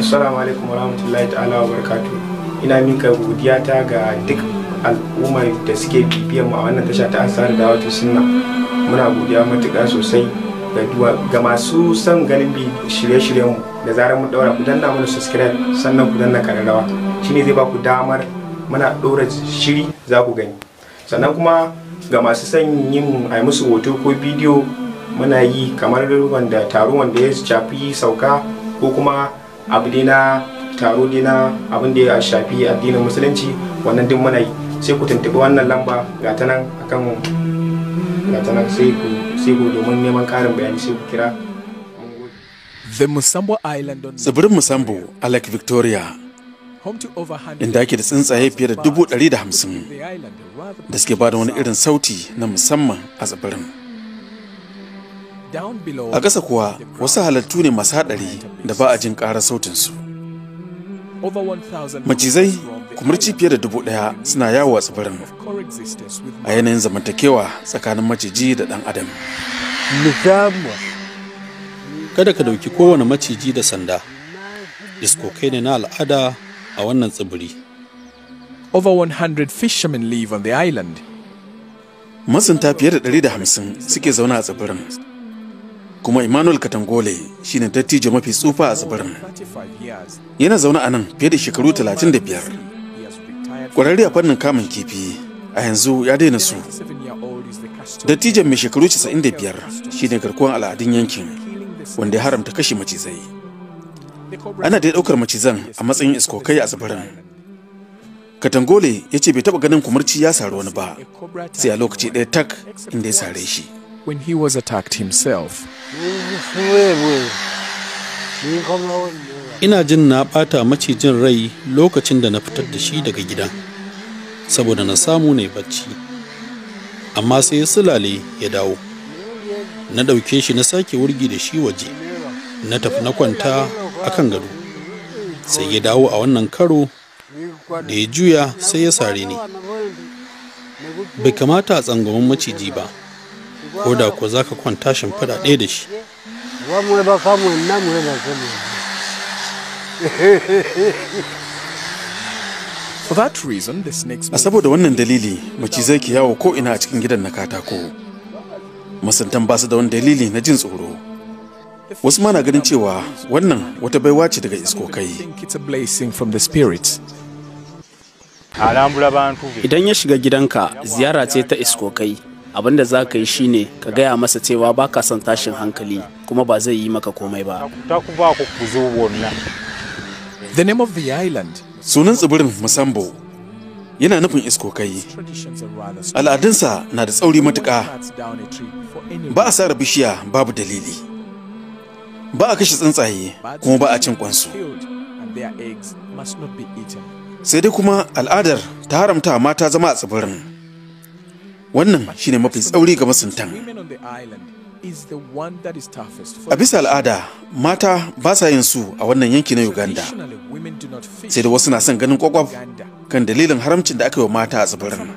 Assalamu alaikum warahmatullahi ta'ala wa barkatu. Ina minka godiyata ga duk al'ummar da suke bibiyar mu a wannan tasha ta asar da wato sunna. Muna godiya matuƙa sosai ga masu son ganin bi shirye-shiryen mu da zarar mun daura ku danna mana subscribe sannan ku danna kararrawa. Shine zai ba ku damar muna ɗora shiri za ku gani sannan kuma ga masu son yin a musu hoto ko bidiyo muna yi kamar wanda taro wanda ya shafi sauka ko kuma abu dai na taro dai na abin da ya shafi addinin musulunci wannan duk muna yi sai ku tuntuɓi wannan lamba ga ta nan akan ga ta nan sai ku sai ku domin neman ƙarin bayani sai ku kira The Musambo Island. Tsibirin Musambo a Lake Victoria inda ake da tsuntsaye fiye da dubu da hamsin da suke ba da wani irin sauti na musamman a tsibirin. A ƙasa kuwa wasu halattu ne masu haɗari da ba a jin ƙarar sautinsu. Macizai kumurci fiye da dubu ɗaya suna yawo a tsibirin a yanayin zamantakewa tsakanin maciji da ɗan adam. Kada ka ɗauki kowane maciji da sanda, diskokai ne na al'ada a wannan tsibiri. Over 100 fishermen live on the island. Masunta fiye da 150 suke zauna a tsibirin. Kuma Emmanuel Katangole shi ne dattijo mafi tsufa a tsibirin. Yana zaune a nan fiye da shekaru 35. Kwararre a fannin kamun kifi a yanzu ya daina su. Dattijon mai shekaru 95 shine garkuwan al'adun yankin wanda ya haramta kashe macizai. ana da ɗaukar macizan a matsayin iskokai a tsibirin katangole ya ce bai taɓa ganin kumurci ya sari wani ba sai a lokaci ɗaya tak inda ya sare shi when he was attacked himself ina jin na ɓata macijin rai lokacin da na fitar da shi daga gidan saboda na samu ne bacci amma sai ya sulale ya dawo na ɗauke shi na sake wurgi da shi waje na tafi na kwanta akan gado sai ya dawo a wannan karo da ya juya sai ya sare ni bai kamata a tsangwamin maciji ba ko da ko za ka kwanta shimfiɗa ɗaya da shi a saboda wannan dalili macizai ke yawo ko ina a cikin gidan na katako masuntan ba su da wani dalili na jin tsoro wasu mana ganin cewa wannan wata baiwa ce daga iskokai idan ya shiga gidanka ziyara ce ta iskokai abinda za ka yi shine ka gaya masa cewa ba ka son tashin hankali kuma ba zai yi maka komai ba the sunan tsibirin musambo yana nufin iskokai al'adunsa na da tsauri matuƙa ba a sare bishiya babu dalili ba a kashe tsuntsaye kuma ba a cin kwansu sai dai kuma al'adar ta haramta mata zama a tsibirin wannan shine mafi tsauri ga masuntan a bisa al'ada mata ba sa yin su a wannan yanki na uganda sai da wasu na son ganin kwakwaf kan dalilin haramcin da aka yi wa mata a tsibirin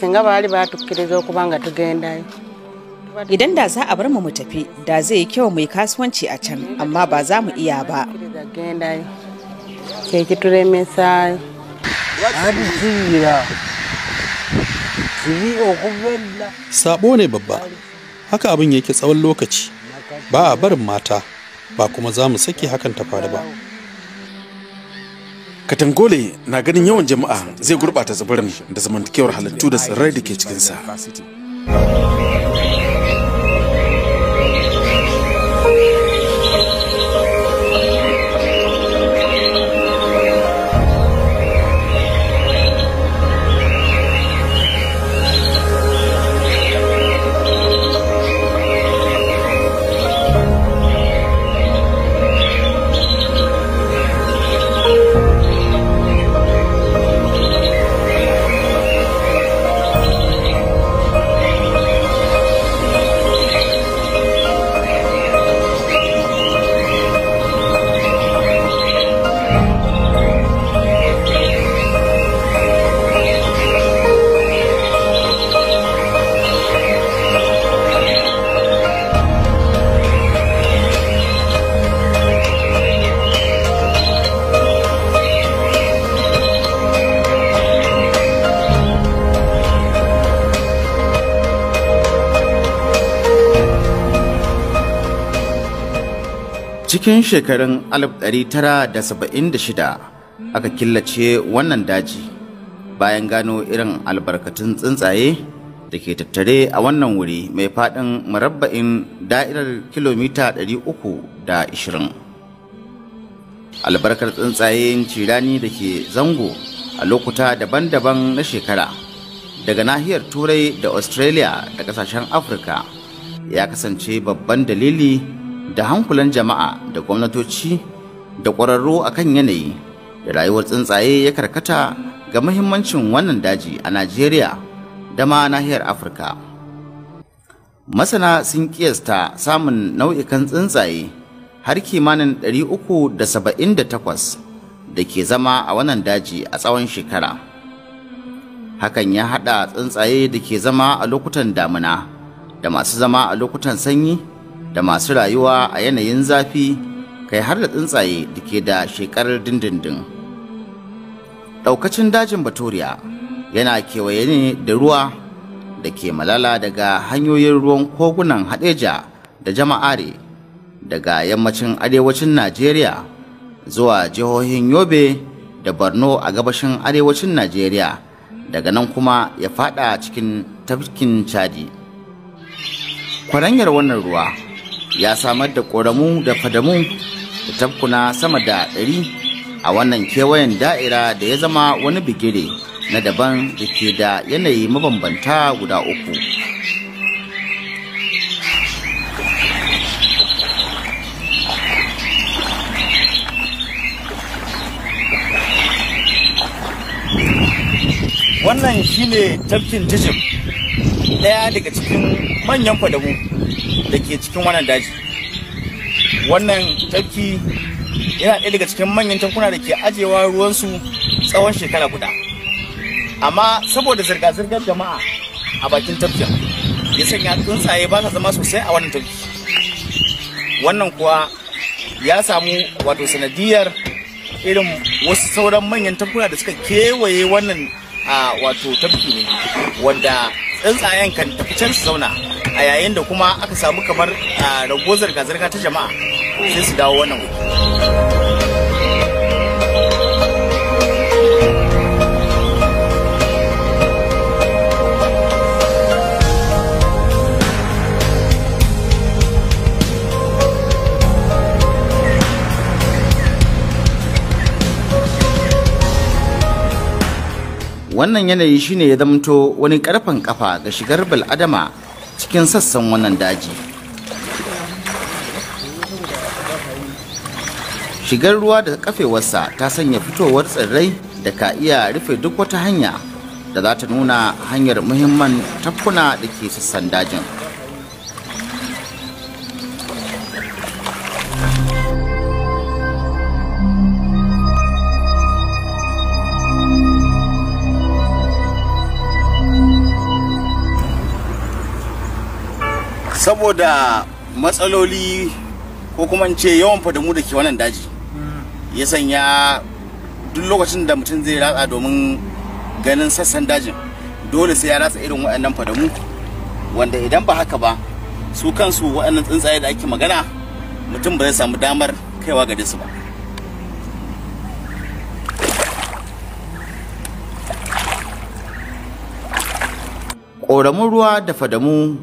singa ga bathukkiriza okubanga tugenda Idan da za a bar mu mu tafi, da zai yi kyau mai kasuwanci a can, amma ba za mu iya ba. Sabo ne babba, haka abin yake tsawon lokaci, ba a barin mata, ba kuma za mu sake hakan ta faru ba. katangole na ganin yawan jama'a zai gurɓata tsibirin da zamantakewar halittu da tsirrai da ke cikinsa. cikin shekarun 1976 aka killace wannan daji bayan gano irin albarkatun tsuntsaye da ke tattare a wannan wuri mai faɗin murabba'in da'irar kilomita 320 albarkar tsuntsayen cirani da ke zango a lokuta daban-daban na shekara daga nahiyar turai da australia da kasashen afirka ya kasance babban dalili da hankulan jama'a da gwamnatoci da ƙwararru a kan yanayi da rayuwar tsuntsaye ya karkata ga muhimmancin wannan daji a Najeriya da ma nahiyar Afirka. Masana sun kiyasta samun nau'ikan tsuntsaye har kimanin 378 da ke zama a wannan daji a tsawon shekara. Hakan ya haɗa tsuntsaye da ke zama a lokutan damina da masu zama a lokutan sanyi. da masu rayuwa a yanayin zafi kai har da tsuntsaye da ke da shekarar dindindin ɗaukacin dajin baturiya yana kewaye ne da ruwa da ke malala daga hanyoyin ruwan kogunan hadeja da jama'are daga yammacin arewacin najeriya zuwa jihohin yobe da borno a gabashin arewacin najeriya daga nan kuma ya fada cikin tafkin chadi kwaranyar wannan ruwa ya samar da ƙoramu da fadamu da tafkuna sama da ɗari a wannan kewayen da'ira da ya zama wani bigire na daban da ke da yanayi mabambanta guda uku wannan shine tafkin jijim Daya daga cikin manyan kwadamu da ke cikin wannan daji wannan tafki yana ɗaya daga cikin manyan tankuna da ke ajewa ruwansu tsawon shekara guda amma saboda zirga-zirgar jama'a a bakin tafkin ya sanya tsuntsaye ba sa zama sosai a wannan tafki wannan kuwa ya samu wato sanadiyar irin wasu sauran manyan tankuna da suka kewaye wannan a wato tafki ne wanda tsuntsayen kan tafi can su zauna a yayin da kuma aka samu kamar ah, ragozar zirga-zirga ta jama'a sai su dawo wannan wuri wannan yanayi shine ya zamto wani karfin kafa ga shigar bal'adama cikin sassan wannan daji shigar ruwa da kafewarsa ta sanya fitowar tsirrai da ka iya rufe duk wata hanya da za ta nuna hanyar muhimman tafkuna da ke sassan dajin. saboda matsaloli ko kuma ce yawan fadamu da ke wannan daji mm. ya sanya duk lokacin da mutum zai ratsa domin ganin sassan dajin dole sai ya ratsa irin waɗannan fadamu wanda idan ba haka ba su kansu waɗannan tsuntsaye da ake magana mutum ba zai samu damar kaiwa ga su ba ƙoramin ruwa da fadamu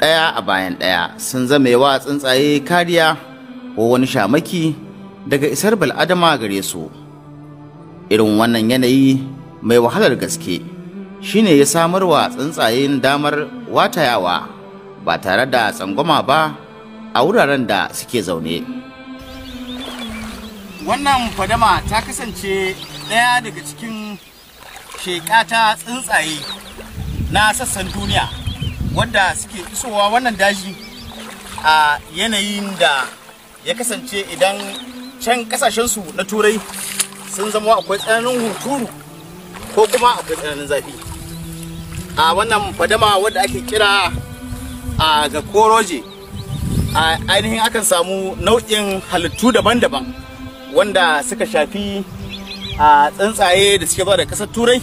ɗaya a bayan ɗaya sun zama wa tsuntsaye kariya ko wani shamaki daga isar bal'adama gare su irin wannan yanayi mai wahalar gaske shine ya samar wa tsuntsayen damar watayawa ba tare da tsangwama ba a wuraren da suke zaune wannan fadama ta kasance ɗaya daga cikin sheƙata tsuntsaye na sassan duniya wanda suke isowa wannan daji a yanayin da ya kasance idan can kasashensu na turai sun zama akwai tsananin hunturu ko kuma akwai tsananin zafi a wannan fadama wadda ake kira a ga koroje a ainihin akan samu nau'in halittu daban-daban wanda suka shafi a tsuntsaye da suke ba da kasar turai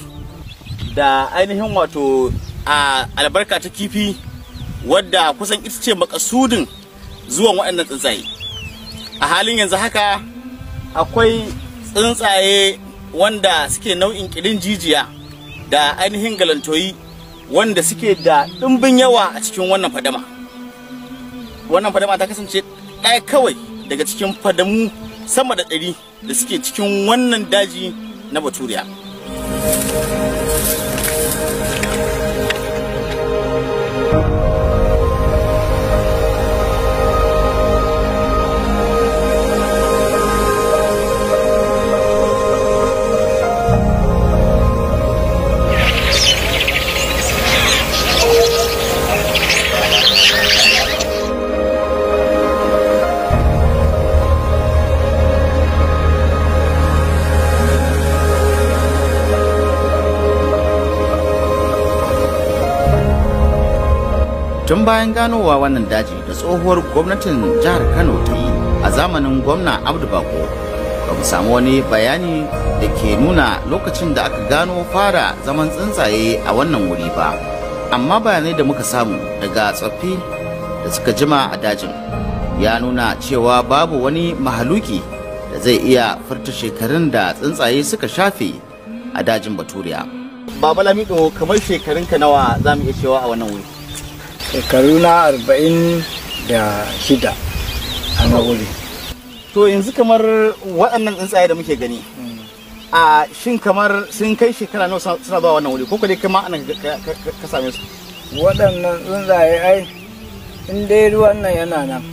da ainihin wato a albarka ta kifi wadda kusan ita ce makasudin zuwan waɗannan tsuntsaye a halin yanzu haka akwai tsuntsaye wanda suke nau'in kirin jijiya da ainihin galantoyi wanda suke da ɗimbin yawa a cikin wannan fadama wannan fadama ta kasance ɗaya kawai daga cikin fadamu sama da ɗari da suke cikin wannan daji na baturiya tun bayan ganowa wannan daji da tsohuwar gwamnatin jihar kano ta yi a zamanin gwamna abdu bako ba mu samu wani bayani da ke nuna lokacin da aka gano fara zaman tsuntsaye a wannan wuri ba amma bayanai da muka samu daga tsoffi da suka jima a dajin ya nuna cewa babu wani mahaluki da zai iya furta shekarun da tsuntsaye suka shafe a dajin baturiya baba lamido kamar shekarunka nawa za mu iya cewa a wannan wuri shekaru na arba'in da shida a na wuri to yanzu kamar waɗannan tsuntsaye da muke gani a shin kamar sun kai shekara nawa suna zuwa wannan wuri ko kuma kama anan ka same su waɗannan tsuntsaye ai in dai ruwan nan yana nan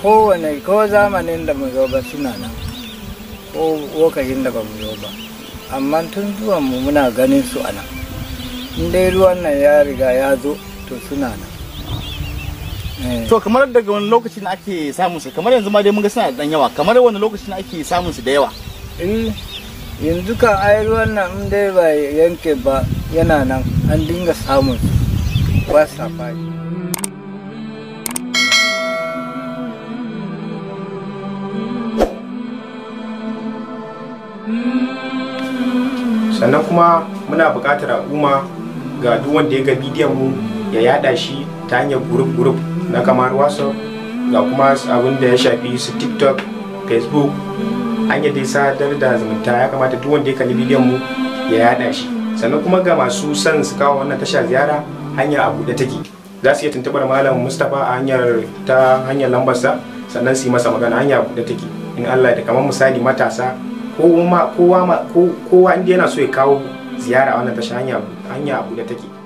kowane ko zamanin da mu zo ba suna nan ko lokacin da ba mu zo ba amma tun zuwan mu muna ganin su a nan in dai ruwan nan ya riga ya zo to suna nan eh. to kamar daga wani lokacin ake samun su kamar yanzu ma dai mun ga suna da dan yawa kamar wani lokacin ake samun su da yawa eh yanzu kan ai ruwan nan in dai ba yanke ba yana nan an dinga samun su ba sa fadi sannan kuma muna buƙatar al'umma ga duk wanda ya ga bidiyon mu ya yada shi ta hanyar group group na kamar whatsapp ga kuma abin da ya shafi su tiktok facebook hanyar da sadar da zumunta ya kamata duk wanda ya kalli bidiyon mu ya yada shi sannan kuma ga masu son su kawo wannan tasha ziyara hanya a buɗe take za su iya tuntubar malam mustapha a hanyar ta hanyar lambarsa sannan su yi masa magana hanya a buɗe take in allah da kamar misali matasa kowa kowa kowa inda yana so ya kawo ziyara a wannan tasha hanya a buɗe take